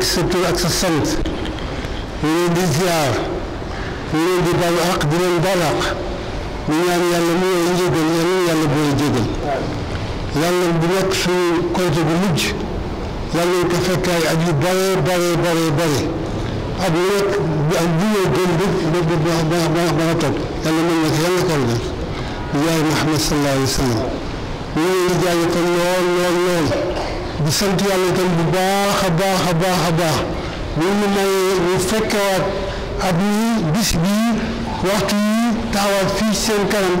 السبت واكس الصمت منين دي زيار منين دي بل عقد من بلق منين يلمي يجدل يلمي يلبو يجدل يلا بنك في كنت بلج يلا كفكاي عدي بري بري بري بري, بري. أبوك بأبوه جنبك بغضب قال من يتغنى قلبك جاي محمد صلى الله عليه وسلم نور جاي يقول نور نور نور بسنت يالا كان بباخ باخ باخ باخ من ما يفكر أبني بس بي وقتي تعود في سن كلام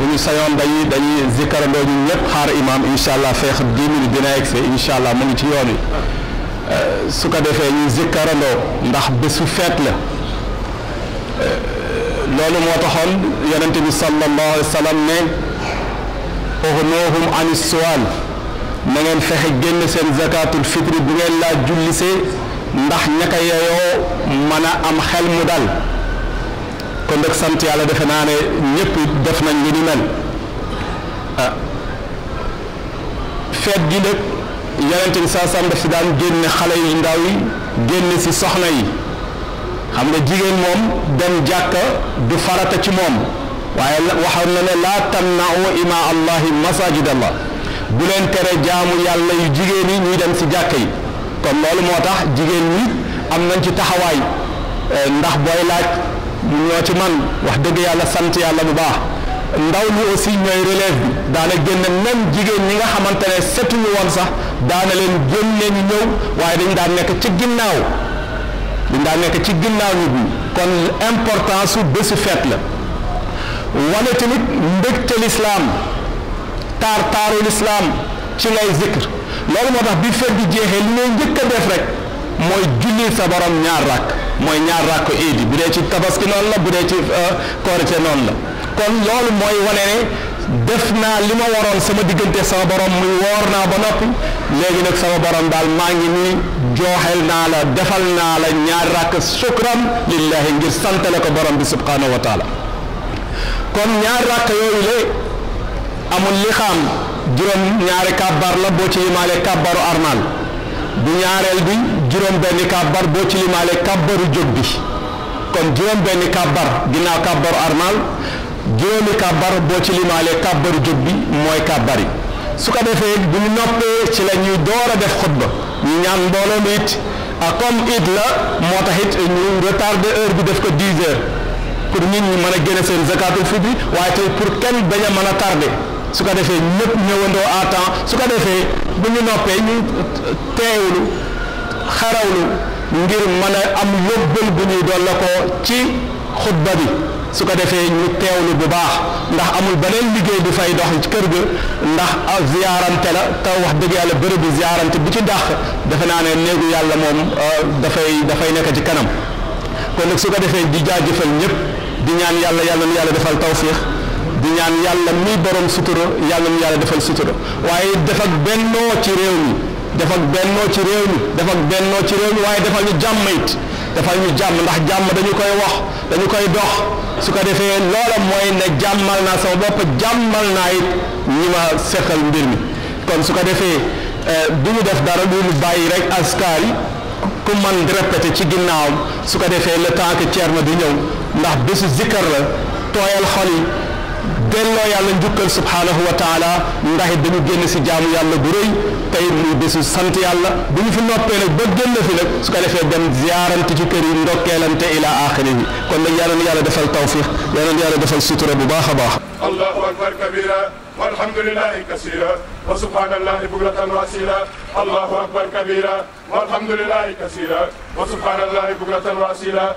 bu ñu sayoon dañuy dañuy zikarandoo ñu ñëpp xaar imaam incha allah feex dix minutes dina egg see incha allah mu ngi ci yoon euh, su ko defee ñu zikarandoo ndax bésu feet la euh, loolu moo taxoon yonent bi sallallahu alayhi wa sallam ne ughnuhum ani suwal na ngeen fexe génn seen zakatul fitri bu ngeen laa jullisee ndax ñaka yeyoo mën a am xel mu dal kon nag sant yàlla defe naa ne ñëpp def nañ li ni mel ah. fet gi nag yonent bi saa sam daf si daan génne xale yu ndaw yi génne si soxna yi xam nga jigéen moom dem jàkka du farata ci moom waaye waxoon na ne laa tamnau ima allahi masajid allah bu leen tere jaamu yàlla yu jigéen yi ñuy dem si jàkka yi kon loolu moo tax jigéen ñi am nañ ci taxawaay eh, ndax booy laaj ñu ñoo ci man wax dëgg yàlla sant yàlla bu baax ndaw ñi si ñooy relève bi daana génne même jigéen ñi nga xamante ne setuñu woon sax daana leen génne ñu ñëw waaye dañ daan nekk ci ginnaaw dañ daan nekk ci ginnaaw nit ñi kon importance su bésu fête la wane tamit mbégte lislaam taar taaru lislaam ci lay zikr loolu moo tax bi fête bi jeexee li ngay njëkk a def rek mooy julli sa borom ñaar ràkk mooy ñaar rakk iidi bu dee ci tabaski noonu la bu dee ci euh, korite noonu la kon loolu mooy wane def naa li ma waroon sama diggante sama borom muy woor naa ba noppi léegi nag sama borom daal maa ngi nii jooxel naa la defal naa la ñaar rakk sukran lillahi ngir santale ko borom bi subhanahu wa taala kon ñaar rakk yooyu le amul li xam juróom ñaari kàbbar la boo ci yimaale kàbbaru armal bu ñaareel bi juróom benni kàbbar boo ci limaale kàbbaru jóg bi kon juróom benni kàbbar ginnaaw kàbbaru armal juróomi kàbbar boo ci limaale kàbbaru jóg bi mooy kàbbar yi su ko defee bu ñu noppee ci la ñuy door a def xutba ñu ñaan mbooloo mi it ah, comme it la moo tax it ñu retardé heure bu def ko 10 heures pour nit ñi mën a génne seen zakatul fitri waaye tey pour kenn bañ mën a tardé su ko defee ñëpp ñëwandoo à su ko defee bu ñu noppee ñu teewlu xarawlu ngir mën a am yóbbal bu ñuy dolla ko ci xutba bi su ko defee ñu teewlu bu baax ndax amul beneen liggéey bu fay dox ci kër gi ndax ziyaarante la te wax dëgg yàlla bërëb bi ziyaarante bu ci dàq defe naa ne néegu yàlla moom euh, dafay dafay nekk ci kanam kon nag su ko defee di jaajëfal ñëpp di ñaan yàlla yàlla nu yàlla defal tawfiix di ñaan yàlla muy borom sutura yàlla mu yàlla defal sutura waaye defal bennoo ci réew mi defal bennoo ci réew mi defal bennoo ci réew mi waaye defal ñu jàmm it defal ñu jàmm ndax jàmm dañu koy wax dañu koy dox su ko defee loola mooy ne jàmmal naa sama bopp jàmmal naa it ñi ma seqal mbir mi kon su ko defee eh, du ñu def dara du ñu bàyyi rek askar yi ku man di répété ci ginnaawam su ko defee le temps que ma di ñëw ndax bésu zikkar la tooyal xol dello yàlla njukkal subhanahu wa taala ndax dañu génn ci jaamu yàlla bu reuy tay ñu bëss sant yàlla bu ñu fi noppé nak ba génn fi nak su ko defé dem ziarante ci kër yi ndokelante ila axiri kon nak yàlla ñu yàlla defal tawfiq yàlla ñu yàlla defal sutura bu baaxa baax allahu akbar kabira والحمد لله كثيرا وسبحان الله بكرة وأصيلا الله أكبر كبيرا والحمد لله كثيرا وسبحان الله بكرة وأصيلا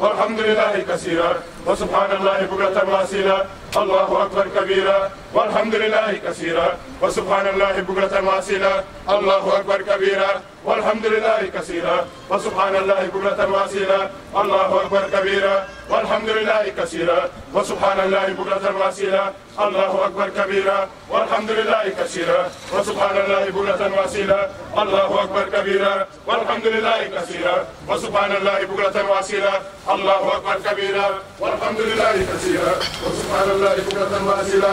والحمد لله كثيرا وسبحان الله بكرة واسيلا الله أكبر كبيرا والحمد لله كثيرا وسبحان الله بكرة واسلا الله أكبر كبيرا والحمد لله كثيرا وسبحان الله بكرة واسلا الله أكبر كبيرا والحمد لله كثيرا وسبحان الله بكرة واسلا الله أكبر كبيرا والحمد لله كثيرا وسبحان الله بكرة واسلا الله أكبر كبيرا والحمد لله كثيرا وسبحان الله بكرة واسلا الله أكبر كبيرا والحمد لله كثيرا وسبحان الله بكرة واسلا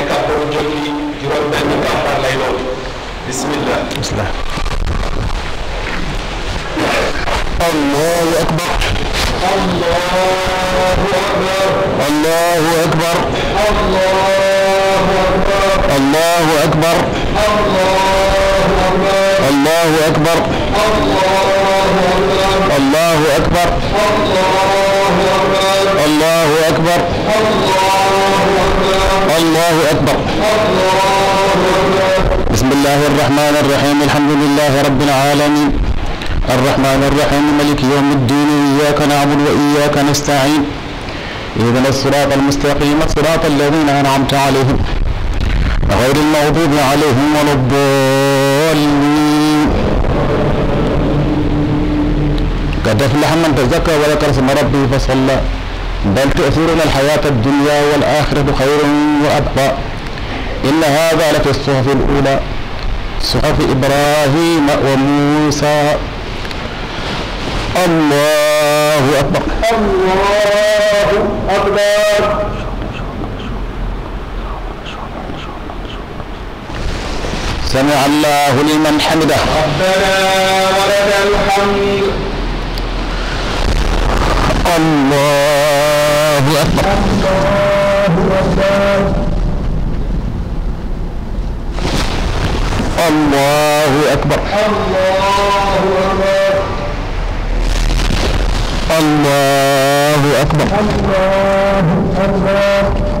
أكبر الله أكبر الله أكبر الله أكبر بسم الله الرحمن الرحيم الحمد لله رب العالمين الرحمن الرحيم ملك يوم الدين إياك نعبد وإياك نستعين إذن الصراط المستقيم صراط الذين أنعمت عليهم غير المغضوب عليهم ولا الضالين قد أفلح من تزكى وذكر اسم ربه فصلى بل تؤثرون الحياة الدنيا والآخرة خير وأبقى إن هذا لفي الصحف الأولى صحف إبراهيم وموسى الله أكبر الله أكبر سمع الله لمن حمده ربنا ولك الحمد الله أكبر الله أكبر الله أكبر الله أكبر الله الله أكبر أكبر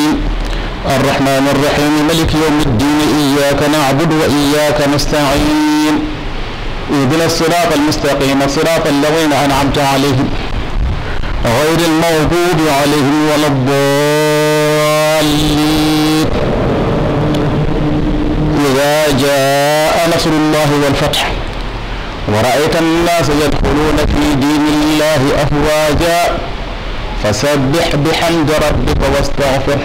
الرحمن الرحيم ملك يوم الدين إياك نعبد وإياك نستعين اهدنا الصراط المستقيم صراط الذين أنعمت عليهم غير المغضوب عليهم ولا الضالين إذا جاء نصر الله والفتح ورأيت الناس يدخلون في دين الله أفواجا فسبح بحمد ربك واستغفره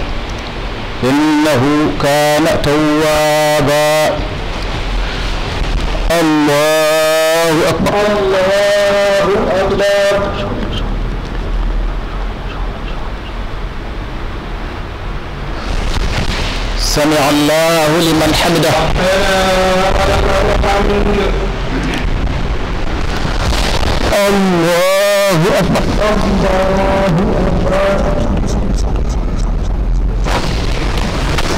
إنه كان توابا الله أكبر الله أكبر سمع الله لمن حمده الله أكبر الله أكبر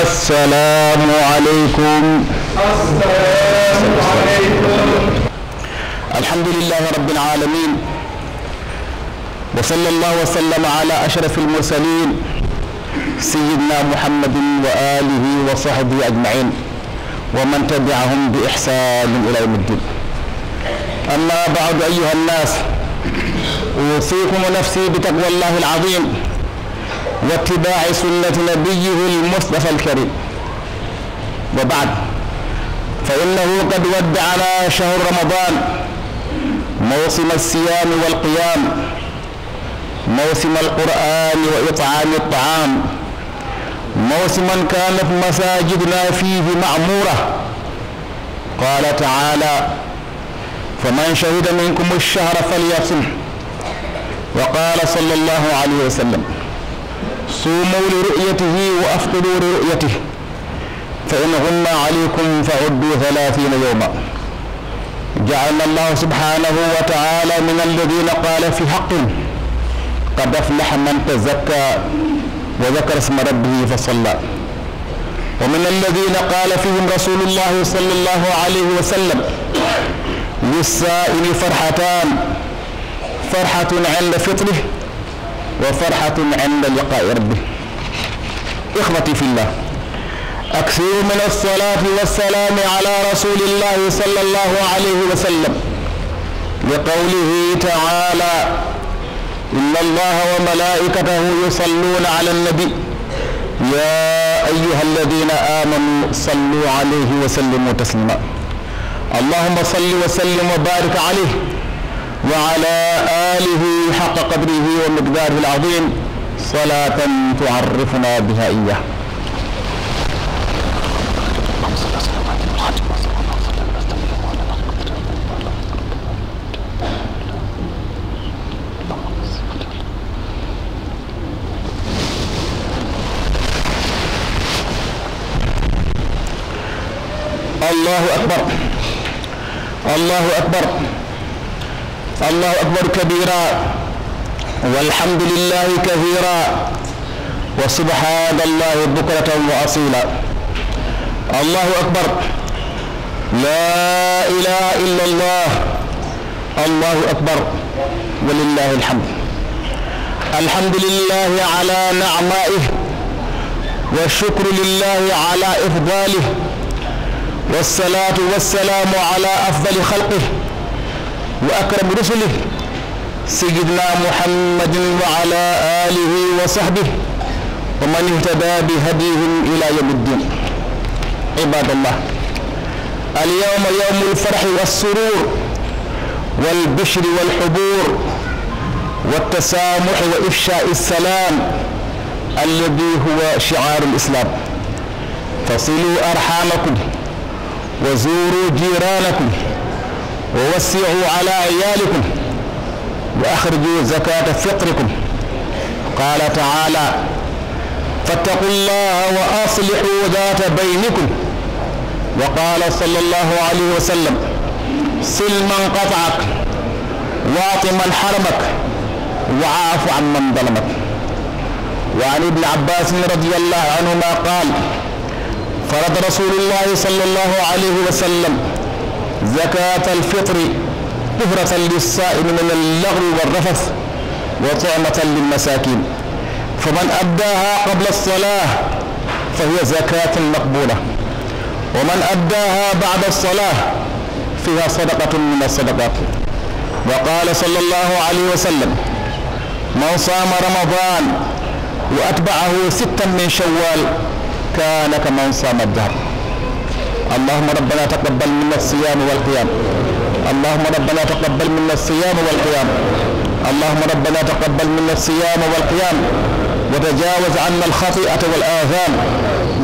السلام عليكم السلام عليكم الحمد لله رب العالمين وصلى الله وسلم على أشرف المرسلين سيدنا محمد وآله وصحبه أجمعين ومن تبعهم بإحسان إلى يوم الدين أما بعد أيها الناس أوصيكم نفسي بتقوى الله العظيم واتباع سنة نبيه المصطفى الكريم وبعد فإنه قد ودعنا شهر رمضان موسم الصيام والقيام موسم القرآن وإطعام الطعام موسما كانت مساجدنا فيه معمورة قال تعالى فمن شهد منكم الشهر فليصمه وقال صلى الله عليه وسلم صوموا لرؤيته وأفطروا لرؤيته فإن غم عليكم فعدوا ثلاثين يوما جعلنا الله سبحانه وتعالى من الذين قال في حق قد أفلح من تزكى وذكر اسم ربه فصلى ومن الذين قال فيهم رسول الله صلى الله عليه وسلم للسائل فرحتان فرحة عند فطره وفرحة عند لقاء ربه إخوتي في الله أكثر من الصلاة والسلام على رسول الله صلى الله عليه وسلم لقوله تعالى إن الله وملائكته يصلون على النبي يا أيها الذين آمنوا صلوا عليه وسلموا تسليما اللهم صل وسلم وبارك عليه وعلى آله حق قدره ومقداره العظيم صلاة تعرفنا بها إياه الله أكبر الله أكبر الله أكبر كبيرا والحمد لله كثيرا وسبحان الله بكرة وأصيلا الله أكبر لا إله إلا الله الله أكبر ولله الحمد الحمد لله على نعمائه والشكر لله على إفضاله والصلاة والسلام على أفضل خلقه وأكرم رسله سيدنا محمد وعلى آله وصحبه ومن اهتدى بهديهم إلى يوم الدين عباد الله اليوم يوم الفرح والسرور والبشر والحبور والتسامح وإفشاء السلام الذي هو شعار الإسلام فصلوا أرحامكم وزوروا جيرانكم ووسعوا على عيالكم وأخرجوا زكاة فقركم قال تعالى فاتقوا الله وأصلحوا ذات بينكم وقال صلى الله عليه وسلم سل من قطعك واعط من حرمك وعاف عن من ظلمك وعن ابن عباس رضي الله عنهما قال فرد رسول الله صلى الله عليه وسلم زكاة الفطر طهرة للصائم من اللغو والرفث وطعمة للمساكين فمن أداها قبل الصلاة فهي زكاة مقبولة ومن أداها بعد الصلاة فيها صدقة من الصدقات وقال صلى الله عليه وسلم من صام رمضان وأتبعه ستا من شوال كان كمن صام الدهر اللهم ربنا تقبل منا الصيام والقيام اللهم ربنا تقبل منا الصيام والقيام اللهم ربنا تقبل منا الصيام والقيام وتجاوز عنا الخطيئة والآثام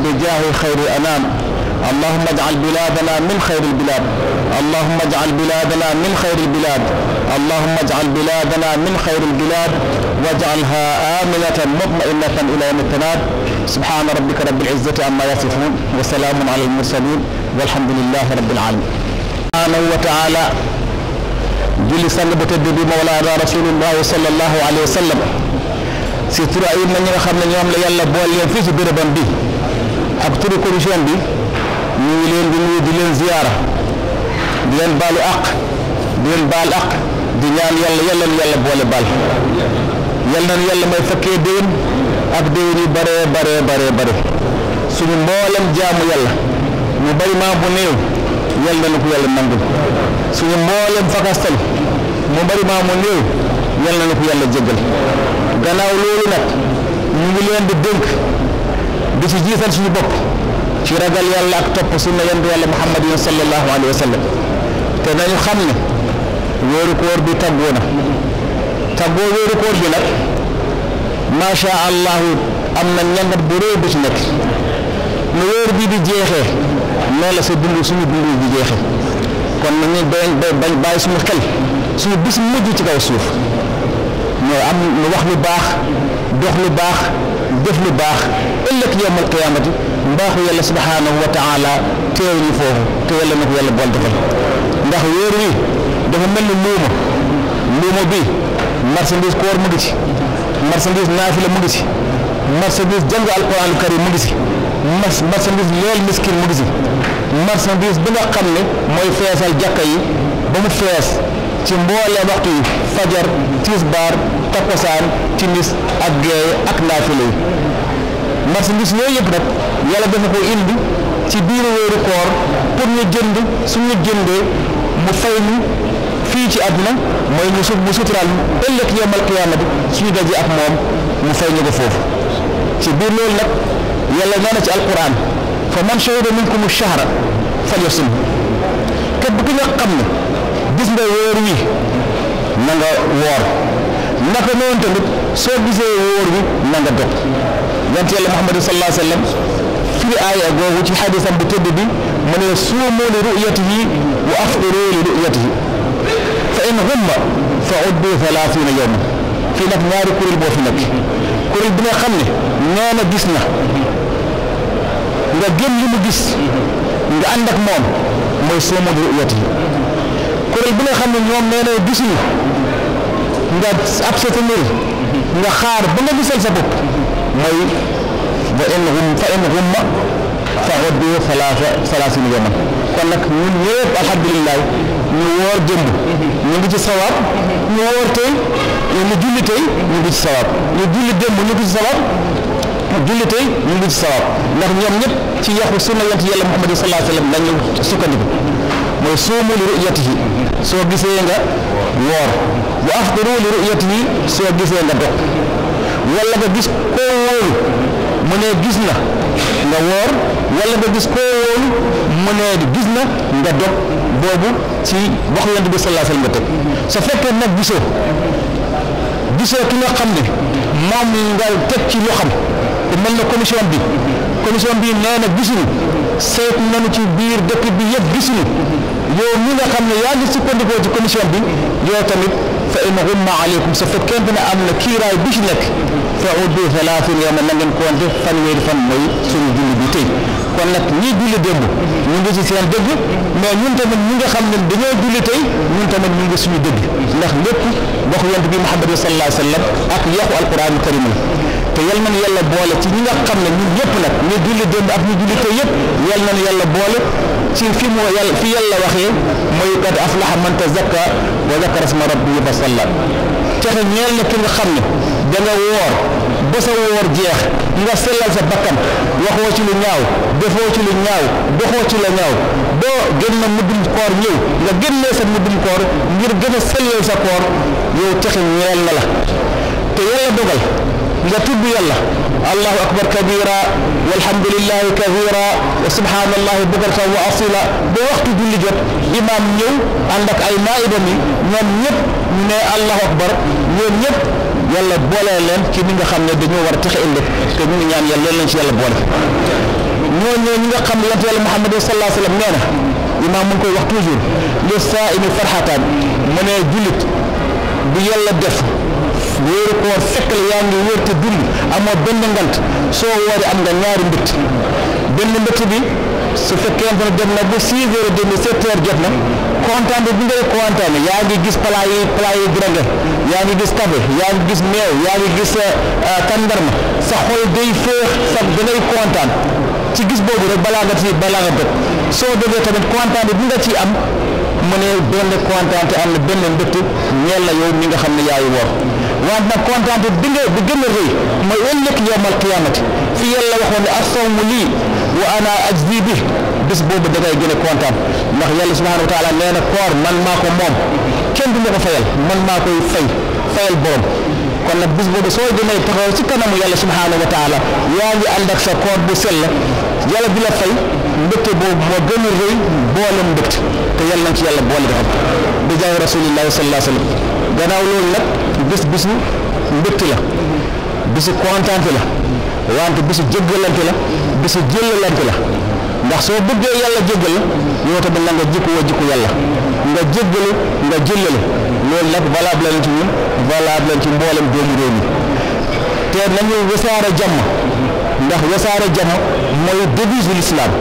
بجاه خير الأنام اللهم اجعل بلادنا من خير البلاد اللهم اجعل بلادنا من خير البلاد اللهم اجعل بلادنا من خير البلاد واجعلها آمنة مطمئنة إلى يوم التناد سبحان ربك رب العزة عما يصفون وسلام على المرسلين والحمد لله رب العالمين سبحانه وتعالى جل سنة بتدب مولانا رسول الله صلى الله عليه وسلم سيطر أي من يخم من يوم ليلا بوال ينفيس بربان بي أكتر كرشان بي نيلين بنو لين زيارة دين بال أق دين بال أق دنيان يلا يلا يلا بوال بال يلا يلا ما يفكي دين ak déwén yu bëree bëree bëree bëri suñu mboolem jaamu yàlla ñu bari maa bu néew yàlla na ko yàlla nangul suñu mboolem fakastal maa mu néew yàlla na ko yàlla jéggal gannaaw loolu ñu ngi leen di dénk di ci jiital suñu bopp ci ragal yàlla ak topp sunna yendu yàlla muhammadin te nañu xam ne wéeru koor bi tàggoo na tàggoo wéeru bi nag. ما شاء الله أما نيانا بروي بشنك نوير بي دي جيخي نولا سيدل وسمي بروي دي جيخي كون من يبين باي باي باي سمي خل سمي بس مجي تكا يسوف نو أم نوخ لباخ دوخ لباخ دف لباخ إلا كي يوم القيامة باخ يلا سبحانه وتعالى تيوني فوه تيوالا نكو يلا بوالدفل نوخ ويري دوخ ملو مومو مومو بي مرسل ديس كور مجيش marchandise naafila mu ngi si marchandise jàng alquran karim mu ngi si marchandise leel miskin mu ngi si marchandise bi nga xam ne mooy feesal jàkk yi ba mu fees ci mboolee waxtu yi fajar tisbaar takkusaan timis ak géeye ak naafila yi marchandise yooyu yëpp nag yàlla dafa ko indi ci biir wéeru koor pour ñu jënd suñu jëndee mu fay ñu fii ci àdduna mooy ñu sut mu suturaal ëllëg yawmal qiyaama bi suñu daje ak moom mu fay ñu ko foofu ci biir loolu nag yàlla nee na ci alquran fa man shahida minkum shahra falyasum képp ki nga xam ne gis nga wóor wi na nga woor naka noonu tamit soo gisee wóor wi na nga dog yonent yàlla Muhammad sallallahu alayhi wa sallam fii aaya googu ci xadisam bu tëdd bi mu ne suumu li ru'yatihi wa aftiru li ru'yatihi ان هم فعدوا ثلاثين يوما في نك ناري كل البو في نك كل البنا خمي نانا جسنا إذا جم يوم جس إذا نعم عندك مام ما يسوم ده يأتي كل البنا خمي يوم نانا جسنا إذا أبسط الميل إذا خار بنا جس الزبط ما ي فإن هم فإن هم فعدوا ثلاثة ثلاثين يوما فلك من يوم الحمد لله ñu woor démb ñu ngi ci sawaab ñu woor tey ñu julli tey ñu ngi ci sawaab ñu julli démb ñu ngi ci sawaab julli tey ñu ngi ci sawaab ndax ñoom ñëpp ci yàlla Muhammad sallallahu alayhi wa soo gisee nga woor bu aftaru li ru'yatihi soo gisee nga dog wala nga gis koo wóolu mu ne gis na nga woor wala nga gis koo mu ne gis na nga dog بوبو سي واخو يانتبي صلى الله عليه وسلم تك سا فكه نك غيسو غيسو كي نيو خامني مام نغال تك تي لو خام مل نا كوميسيون بي كوميسيون بي نانا غيسو سيت نانا تي بير دك بي ييب غيسو يو مي نا خامني يا لي سيكوندي بو تي كوميسيون بي يو تاميت فان غم عليكم سا فكه بنا ام لا كي راي بيش لك فعود يوم نغن كونت فان وير فان موي سوني kon nag ñii julli démb ñu ngi ci seen dëgg mais ñun tamit ñi nga xam ne dañoo julli tey ñun tamit ñu ngi suñu dëgg ndax lépp wax yonent bi Muhammad sallallahu alayhi wa sallam ak yaxu alquran karim te yal nañu yàlla boole ci ñi nga xam ne ñun ñëpp nag ñu julli démb ak ñu julli tey yëpp yal nañu yàlla boole ci fi mu yàlla fi yàlla waxee mooy qad aflaha man tazakka wa zakara isma rabbihi fa salla texe ñeel na ki nga xam ne da nga woor ba sa woor jeex nga sellal sa bakkan waxoo ci lu ñaaw defoo ci lu ñaaw doxoo ci la ñaaw doo génn muddum koor ñëw nga génnee sa muddum ngir gën a sellal sa koor yow texe ñeel na la te yàlla dogal nga tudd yàlla allahu akbar kabira walhamdulillahi kabira wa subhanallahi bukratan waxtu julli jot imaam ñëw ànd ay naayibam yi ñoom ñëpp ñu ne allahu akbar ñoom yàlla boolee leen ci ñi nga xam ne dañoo war a texe ëllëg te ñu ngi ñaan yàlla loolu lañ ci yàlla boole ñooñu ñi nga xam ne yonent yàlla Muhammad sallallahu alayhi wa sallam nee na imaam mu ngi koy wax toujours li saa imi farxataan mu ne jullit bu yàlla def wóoru koor fekk la yaa ngi wóor te dund amoo benn ngant soo wooree am nga ñaari mbëtt benn mbëtt bi su fekkee ne dem na ba six heures demi sept heures jot na kontaan bi ngay kontaan yaa ngi gis plat yi plat yi yaa ngi gis café yaa ngi gis meew yaa ngi gis euh, euh, tandarma sa xol day féex sax da ngay kontaan ci gis boobu rek balaa nga ci balaa nga dëkk soo déggee tamit kontaan bi nga ciy am mu ne benn kontaan te na benn mbëtt ñeel la yow mi nga xam ne yaay woor wante na kontaan bi nga bi gën a rëy mooy ëllëg yowmal qiyaamati fi yàlla waxoon ne as-sawmu lii wa ana ajzi bi bis boobu da ngay gën a kontaan ndax yàlla subhaanahu wa taala nee na koor man maa ko moom kenn du ma ko fayal man maa koy fay fayal borom kon nag bis boobu soo gënee taxaw ci kanamu yàlla subhaanahu wa taala yaa ngi ànd ak sa koor bu sell yàlla bi la fay. mbégte boobu moo gën a rëy boole mbégte te yàlla ci yàlla boole dafa bi jaay rasulillahi sallallahu alayhi wa sallam gannaaw loolu nag bis bisu mbégte la bisu kontante la wante bisu jéggalante la bisu jëllalante la ndax soo bëggee yàlla jéggal la yow tamit na nga jikku wa jikku yàlla nga jéggalu nga jëllale loolu nag valable lañ ci ñun valable lañ ci mboolem doomu réew mi te nañu wasaare jàmm ndax wasaare jàmm mooy devise l'islam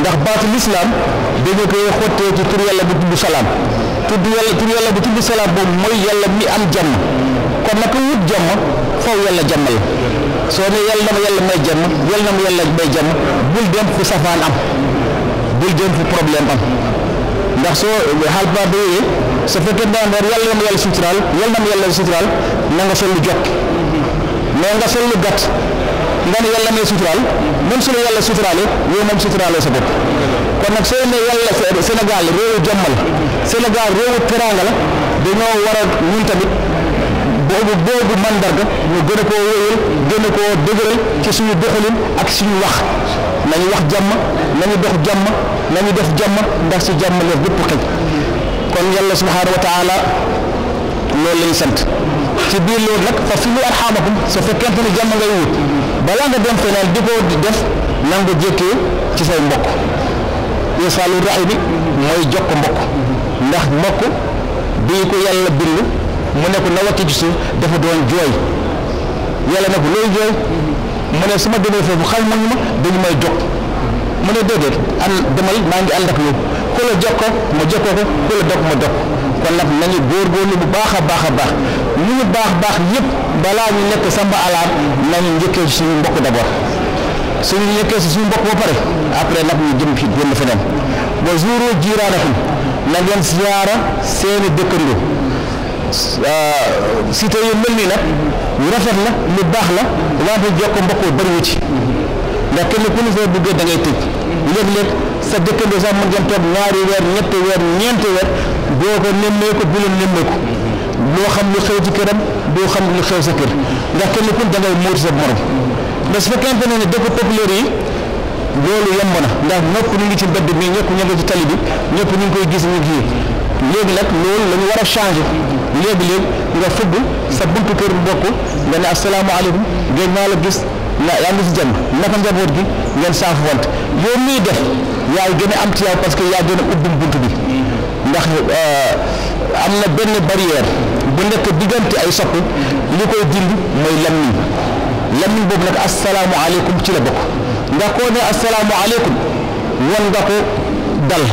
ndax baatu lislaam dañu koy xottee ci tur yàlla bu tudd salaam tudd yàlla bu tudd salaam boobu mooy yàlla mi am jàmm kon nag wut jàmm foofu yàlla jàmmal soo ne yàlla ma yàlla may jàmm yàlla ma yàlla may jàmm bul dem fu safaan am bul dem fu problème am ndax soo xaal ba doyee su fekkee daan war yàlla na ma yàlla suturaal yàlla na yàlla suturaal na nga sol lu jot mais nga sol lu nga ne yàlla may suturaal même su la yàlla suturaalee yow moom suturaaloo sa bopp kon nag soo ne yàlla Sénégal réewu jommal Sénégal réewu teranga la dañoo war a ñun tamit boobu boobu mandarga ñu gën a koo wéyal gën a koo dëgëral ci suñu doxalin ak suñu wax nañu wax jàmm nañu dox jàmm nañu def jàmm ndax si jàmm la bépp xëj kon yàlla subhaanahu wa taala loolu lañu sant ci biir loolu nag fa fi lu arxaamakum su fekkente ne jàmm ngay wut balaa nga doon xelal di ko def na nga ci say mbokk isaalu raxi bi mooy jokk mbokk ndax mbokk bii ko yàlla bind mu ne ko na wàcc ci suuf dafa doon jooy yàlla ne ko looy jooy mu ne su ma demee foofu xal ma ñu ma dañu may jokk mu ne déedéet an demal maa ngi ànd ak ku la jox ko ma jox ko ku la dog ma dog kon nag nañu góorgóorlu bu baax a baax a baax ñu ñu baax baax yëpp balaa ñu nekk samba alaat nañu njëkkee ci suñu mbokk d'abord suñu njëkkee ci suñu mbokk ba pare après nag ñu jëm ci génn feneen ba jouro jiraanakum na ngeen siyaara seeni dëkkandoo euh, cité yu mel nii nag ñu rafet la lu baax la wante jokk mbokk bariwu ci ndax kenn ku ne soo bëggee da ngay tëj léeg-léeg sa dëkkandoo sax mën ngeen toog ñaari weer ñetti weer ñeenti weer doo ko nemmeeku bu leen nemmeeku doo xam lu xew ci këram doo xam lu xew sa kër ndax kenn ku da ngay muur sa morom mais su fekkente ne dëkk populaire yi loolu yomb na ndax ñëpp ñu ngi ci mbedd bi ñëpp ñu ngi ci tali bi ñëpp ñu ngi koy gis ñu ngi léegi nag loolu la ñu war a changé léegi-léegi nga fëgg sa buntu kër mbokk nga ne asalaamaaleykum gëj naa la gis. na yaa ngi ci jàmm naka njaboot gi ngeen saafuwante yow mii def yaay gën am ci yow parce que yaa gën a ubbi bunt bi ndax euh, am na benn barrière bu nekk diggante ay sopp li koy dindi mooy lammiñ lammiñ boobu nag asalaamualeykum ci la bokk nga koo ne asalaamualeykum won nga ko dal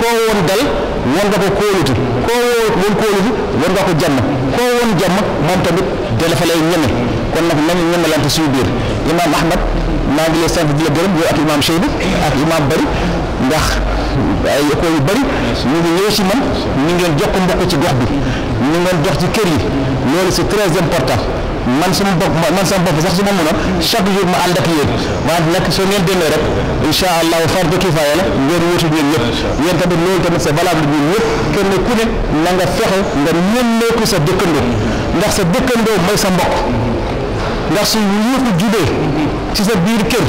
koo woon dal won koo woon ko jàmm koo woon jàmm moom tamit dala fa lay ñeme kon nag nañu ñemalante suñu biir imaam Ahmad maa ngi lay sant di la gërëm yow ak imaam Cheikh ak imaam Bari ndax ay école yu bari ñu ngi ñëw si man ñu ngeen jox ko mbokk ci gox bi ñu ngeen jox ci kër yi loolu c'est très important man sama bopp man sama bopp sax su ma mënoon chaque jour ma ànd ak yéen waaye nag soo ngeen demee rek incha allah fardu kifaaya la ngeen wutu ñun ñëpp yéen tamit loolu tamit c'est valable ñun ñëpp kenn ku ne na nga fexe nga ñëw ko sa dëkkandoo ndax sa dëkkandoo mooy sa mbokk. ndax su yuuxu jubee ci sa biir kër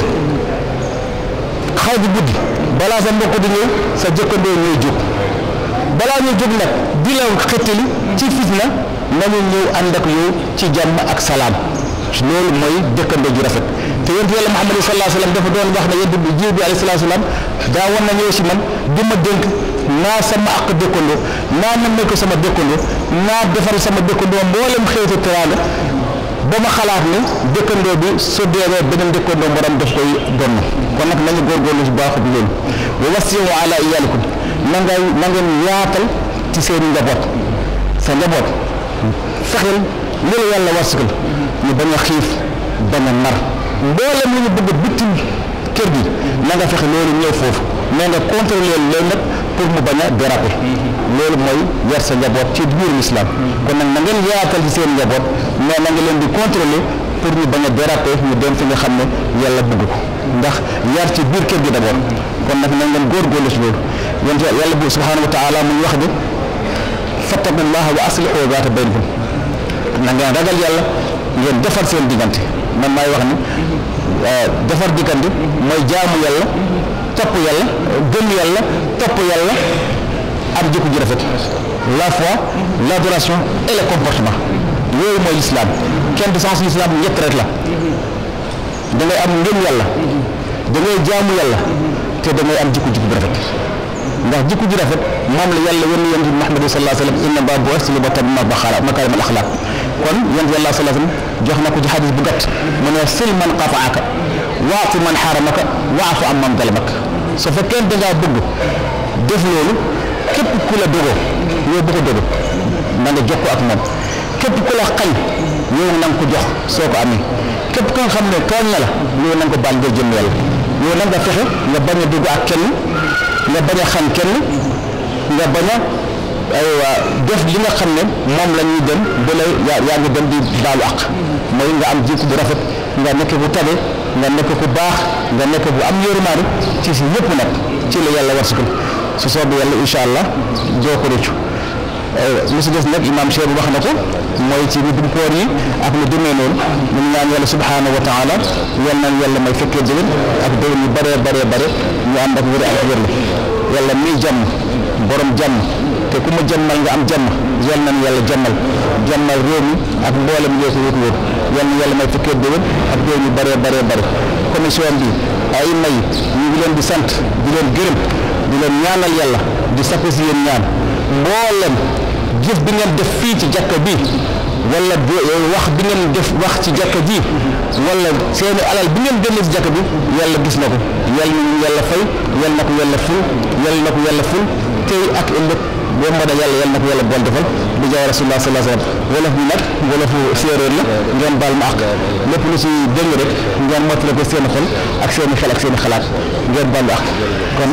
xaw bu guddi balaa sa mbokk di ñëw sa jëkkandoo ñooy jóg balaa ñuy jóg nag di la xettali ci fitna nañu ñëw ànd ak yow ci jàmm ak salaam loolu mooy jëkkandoo ju rafet te yonent yàlla Muhammad sallallahu alayhi wa sallam dafa doon wax ne yonent bi jiw bi alayhi salaatu salaam na ñëw si man di ma dénk naa sama àq dëkkandoo naa nammee ko sama dëkkandoo naa defar sama dëkkandoo mboolem xeetu teraanga ba ma xalaat ne dëkkandoo bi su deewee beneen dëkkandoo borom daf koy donn kon nag nañu góorgóorlu si baaxut loolu wa wasiwu ala iyaalikum na ngay na ngeen yaatal ci seen njaboot sa njaboot fexeel li la yàlla warsugal ñu bañ a xiif bañ a nar mboolem li ñu bëgg bitim kër gi na nga fexe loolu ñëw foofu mais nga contrôler loolu nag pour mu bañ a déraper loolu mooy yar sa njaboot ci biir l'islam kon nag na ngeen yaatal ci seen njaboot mais na nga leen di contrôler pour ñu bañ a ñu dem fi nga xam yàlla bëgg ko ndax yar ci biir kër gi d'abord kon nag na ngeen góorgóorlu ci loolu yàlla bu subhanahu wa taala muy wax ne fattaqullaha wa aslihu baata baynakum na ngeen ragal yàlla ngeen defar seen diggante man maay wax ni defar diggante mooy jaamu yàlla topp yàlla gëm yàlla topp yàlla ak jikko ji la foi l'adoration et le comportement yooyu mooy lislaam kenn du sens lislaam ñett rek la da ngay am ngëm yàlla da ngay jaamu yàlla te da ngay am jikko jikko bu rafet ndax jikko ji rafet moom la yàlla yónni yonent bi Muhammad sallallahu alayhi wa sallam inna baa bu'ithtu li utammima makaarim al axlaaq kon yonent yàlla sallallahu alayhi wa jox na ci xadis bu gàtt mu ne sil man qataaka waatu man xaaramaka waafu am man su fekkee da ngaa bëgg def loolu képp ku la dogo yow bu dogo na nga jokkoo ak moom képp ku la na ko jox soo ko amee képp xam ne tooñ na la yow na ko baal nga jëm yàlla yow na nga fexe nga bañ a dugg ak kenn nga bañ a xam kenn nga bañ a aywa def li nga xam ne moom lañuy ñuy dem ba lay yaa ngi dem di baalu àq mooy nga am jiitu bu rafet nga nekk bu tabe nga nekk bu baax nga nekk bu am yërmaande ci si yëpp nag ci la yàlla war su soobu yàlla incha allah doo ko rëccu euh, li si des nag imaam Cheikh wax na ko mooy ci biir koor yi ak lu demee noonu ñu ñaan yàlla subhaanahu wa taala yal naan yàlla may fekkee déwén ak déwén yu bëree bëree bëri ñu ànd ak wér ak wér yàlla mi jàmm borom jàmm te ku ma jàmmal nga am jàmm yal nañu yàlla jàmmal jàmmal réew mi ak mboolem yoo ko wër-wër yal na yàlla may fekkee déwén ak déwén yu bëree bëree bëri commission bi ay may ñu ngi leen di sant di leen gërëm. di leen ñaanal yàlla di sakku si yéen ñaan mboolem jëf bi ngeen def fii ci jàkka bi wala wax bi ngeen def wax ci jàkka ji wala seeni alal bi ngeen génne ci jàkka bi yàlla gis na ko yàlla na yàlla fay yàlla na ko yàlla ful yàlla na ko yàlla ful tey ak ëllëg boo mën a yàlla yàlla na ko yàlla bool defal bi jaay rasulullah salaa sallam wolof bi nag wolofu séeréer la ngeen baal ma ak lépp lu si dëng rek ngeen mottale ko seen xol ak seen xel ak seen xalaat ngeen baal ma ak kon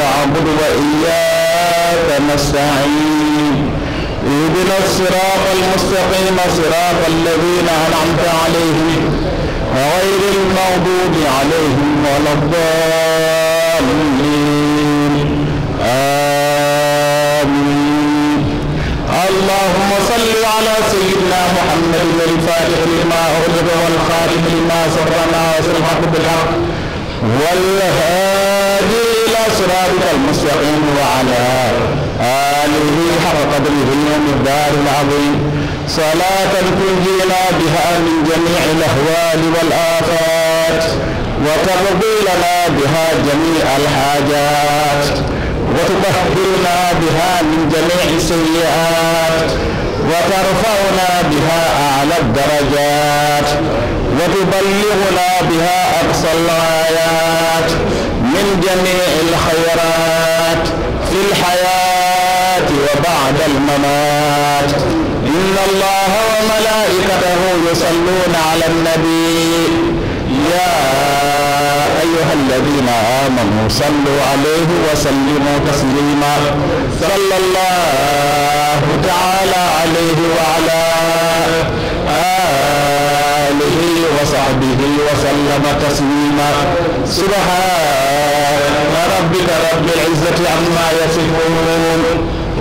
نعبد وإياك نستعين اهدنا الصراط المستقيم صراط الذين أنعمت عليهم غير المغضوب عليهم ولا الضالين آمين اللهم صل على سيدنا محمد الفاتح لما أغلق والخاتم لما سرنا وسلحق بالحق والهادي المستقيم وعلى آله حق قدره اليوم الدار العظيم صلاة تنجينا بها من جميع الأهوال والآفات وتقضي لنا بها جميع الحاجات وتطهرنا بها من جميع السيئات وترفعنا بها أعلى الدرجات وتبلغنا بها أقصى الغايات من جميع الخيرات في الحياة وبعد الممات إن الله وملائكته يصلون على النبي يا أيها الذين آمنوا صلوا عليه وسلموا تسليما صلى الله تعالى عليه وعلى آله وصحبه وسلم تسليما سبحان وربك رب العزة عما يصفون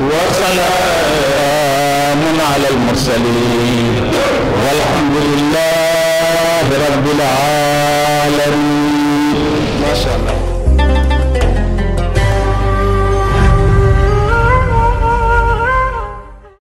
وسلام على المرسلين والحمد لله رب العالمين ما شاء الله